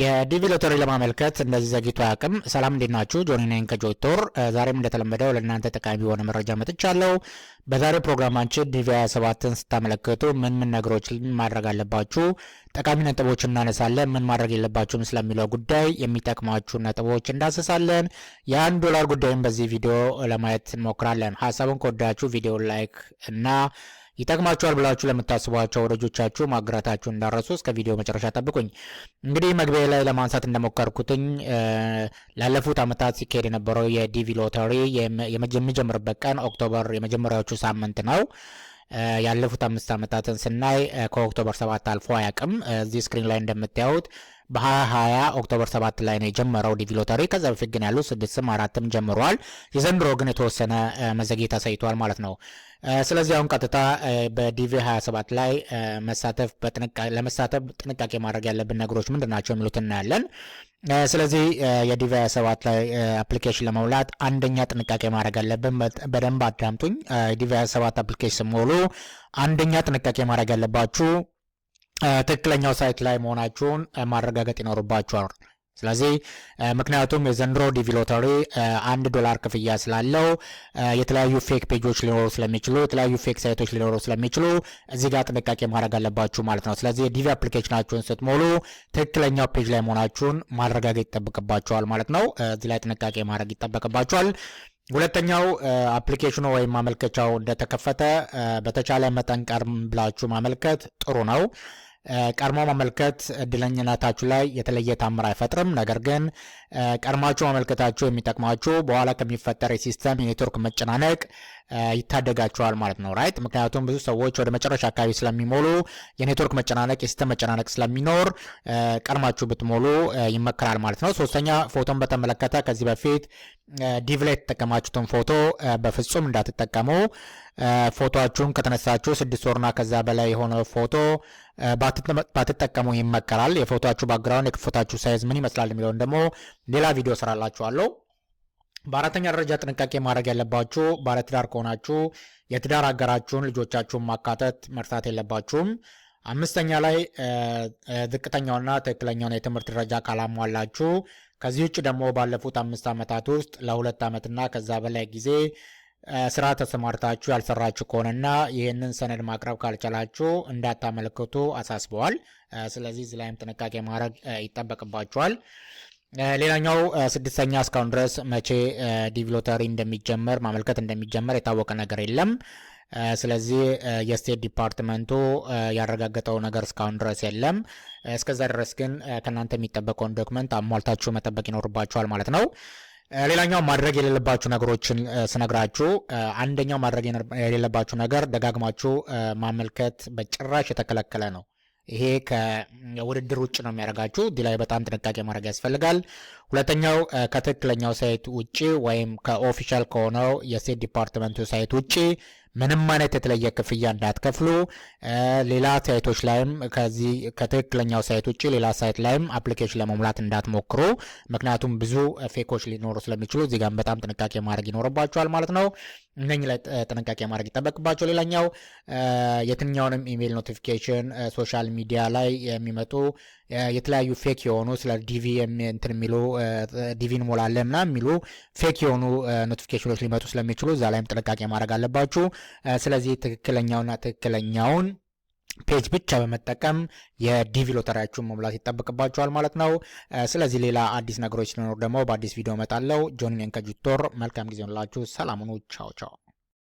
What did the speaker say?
የዲቪ ሎተሪ ለማመልከት እንደዚህ ዘግይቶ አያውቅም። ሰላም እንዴት ናችሁ? ጆኒ ነኝ ከጆይቶር። ዛሬም እንደተለመደው ለእናንተ ጠቃሚ የሆነ መረጃ መጥቻለሁ። በዛሬው ፕሮግራማችን ዲቪ 27ን ስታመለክቱ ምን ምን ነገሮች ማድረግ አለባችሁ፣ ጠቃሚ ነጥቦች እናነሳለን፣ ምን ማድረግ የለባችሁም ስለሚለው ጉዳይ የሚጠቅማችሁ ነጥቦች እንዳስሳለን። የአንድ ዶላር ጉዳይም በዚህ ቪዲዮ ለማየት እንሞክራለን። ሀሳቡን ከወዳችሁ ቪዲዮ ላይክ እና ይጠቅማችኋል ብላችሁ ለምታስቧቸው ወዳጆቻችሁ ማግራታችሁ እንዳረሱ እስከ ቪዲዮ መጨረሻ ጠብቁኝ። እንግዲህ መግቢያ ላይ ለማንሳት እንደሞከርኩትኝ ላለፉት ዓመታት ሲካሄድ የነበረው የዲቪ ሎተሪ የሚጀምርበት ቀን ኦክቶበር የመጀመሪያዎቹ ሳምንት ነው። ያለፉት አምስት ዓመታትን ስናይ ከኦክቶበር ሰባት አልፎ አያውቅም። እዚህ ስክሪን ላይ እንደምታዩት በ2020 ኦክቶበር 7 ላይ ነው የጀመረው ዲቪ ሎተሪ። ከዛ በፊት ግን ያሉ ስድስትም አራትም ጀምረዋል። የዘንድሮ ግን የተወሰነ መዘግየት አሳይቷል ማለት ነው። ስለዚህ አሁን ቀጥታ በዲቪ 27 ላይ መሳተፍ ለመሳተፍ ጥንቃቄ ማድረግ ያለብን ነገሮች ምንድን ናቸው የሚሉት እናያለን። ስለዚህ የዲቪ 27 ላይ አፕሊኬሽን ለመውላት አንደኛ ጥንቃቄ ማድረግ ያለብን፣ በደንብ አዳምጡኝ። የዲቪ 27 አፕሊኬሽን ስትሞሉ አንደኛ ጥንቃቄ ማድረግ ያለባችሁ ትክክለኛው ሳይት ላይ መሆናችሁን ማረጋገጥ ይኖርባችኋል። ስለዚህ ምክንያቱም የዘንድሮ ዲቪ ሎተሪ አንድ ዶላር ክፍያ ስላለው የተለያዩ ፌክ ፔጆች ሊኖሩ ስለሚችሉ የተለያዩ ፌክ ሳይቶች ሊኖሩ ስለሚችሉ እዚህ ጋር ጥንቃቄ ማድረግ አለባችሁ ማለት ነው። ስለዚህ የዲቪ አፕሊኬሽናችሁን ስትሞሉ ትክክለኛው ፔጅ ላይ መሆናችሁን ማረጋገጥ ይጠበቅባችኋል ማለት ነው። እዚህ ላይ ጥንቃቄ ማድረግ ይጠበቅባችኋል። ሁለተኛው አፕሊኬሽኑ ወይም ማመልከቻው እንደተከፈተ በተቻለ መጠን ቀርም ብላችሁ ማመልከት ጥሩ ነው። ቀድሞ ማመልከት እድለኝነታችሁ ላይ የተለየ ታምር አይፈጥርም። ነገር ግን ቀድማችሁ መመልከታችሁ የሚጠቅማችሁ በኋላ ከሚፈጠር የሲስተም የኔትወርክ መጨናነቅ ይታደጋቸዋል ማለት ነው። ራይት ምክንያቱም ብዙ ሰዎች ወደ መጨረሻ አካባቢ ስለሚሞሉ የኔትወርክ መጨናነቅ፣ የሲስተም መጨናነቅ ስለሚኖር ቀድማችሁ ብትሞሉ ይመከራል ማለት ነው። ሶስተኛ ፎቶን በተመለከተ ከዚህ በፊት ዲቭ ላይ የተጠቀማችሁትን ፎቶ በፍጹም እንዳትጠቀሙ። ፎቶችሁን ከተነሳችሁ ስድስት ወርና ከዛ በላይ የሆነ ፎቶ ባትጠቀሙ ይመከራል። የፎቶችሁ ባክግራውንድ የክፎታችሁ ሳይዝ ምን ይመስላል የሚለውን ደግሞ ሌላ ቪዲዮ ስራላችኋለሁ። በአራተኛ ደረጃ ጥንቃቄ ማድረግ ያለባችሁ ባለትዳር ከሆናችሁ የትዳር አጋራችሁን ልጆቻችሁን ማካተት መርሳት የለባችሁም። አምስተኛ ላይ ዝቅተኛውና ትክክለኛውን የትምህርት ደረጃ ካላሟላችሁ ከዚህ ውጭ ደግሞ ባለፉት አምስት ዓመታት ውስጥ ለሁለት ዓመትና ከዛ በላይ ጊዜ ስራ ተሰማርታችሁ ያልሰራችሁ ከሆነና ይህንን ሰነድ ማቅረብ ካልቻላችሁ እንዳታመለክቱ አሳስበዋል። ስለዚህ እዚህ ላይም ጥንቃቄ ማድረግ ይጠበቅባችኋል። ሌላኛው ስድስተኛ እስካሁን ድረስ መቼ ዲቪ ሎተሪ እንደሚጀመር ማመልከት እንደሚጀመር የታወቀ ነገር የለም። ስለዚህ የስቴት ዲፓርትመንቱ ያረጋገጠው ነገር እስካሁን ድረስ የለም። እስከዛ ድረስ ግን ከእናንተ የሚጠበቀውን ዶክመንት አሟልታችሁ መጠበቅ ይኖርባችኋል ማለት ነው። ሌላኛው ማድረግ የሌለባችሁ ነገሮችን ስነግራችሁ፣ አንደኛው ማድረግ የሌለባችሁ ነገር ደጋግማችሁ ማመልከት በጭራሽ የተከለከለ ነው። ይሄ ከውድድር ውጭ ነው የሚያደርጋችሁ። እዚህ ላይ በጣም ጥንቃቄ ማድረግ ያስፈልጋል። ሁለተኛው ከትክክለኛው ሳይት ውጭ ወይም ከኦፊሻል ከሆነው የስቴት ዲፓርትመንቱ ሳይት ውጭ ምንም አይነት የተለየ ክፍያ እንዳትከፍሉ። ሌላ ሳይቶች ላይም ከዚህ ከትክክለኛው ሳይት ውጭ ሌላ ሳይት ላይም አፕሊኬሽን ለመሙላት እንዳትሞክሩ። ምክንያቱም ብዙ ፌኮች ሊኖሩ ስለሚችሉ እዚህ ጋር በጣም ጥንቃቄ ማድረግ ይኖርባቸዋል ማለት ነው። እነኝ ላይ ጥንቃቄ ማድረግ ይጠበቅባቸው። ሌላኛው የትኛውንም ኢሜይል ኖቲፊኬሽን ሶሻል ሚዲያ ላይ የሚመጡ የተለያዩ ፌክ የሆኑ ስለ ዲቪ እንትን የሚሉ ዲቪ ሞላለ ምናምን የሚሉ ፌክ የሆኑ ኖቲፊኬሽኖች ሊመጡ ስለሚችሉ እዛ ላይም ጥንቃቄ ማድረግ አለባችሁ። ስለዚህ ትክክለኛውና ትክክለኛውን ፔጅ ብቻ በመጠቀም የዲቪ ሎተሪያችሁን መሙላት ይጠበቅባችኋል ማለት ነው። ስለዚህ ሌላ አዲስ ነገሮች ሲኖሩ ደግሞ በአዲስ ቪዲዮ እመጣለሁ። ጆኒን ከጁቶር መልካም ጊዜ ሆንላችሁ። ሰላሙኑ ቻው ቻው።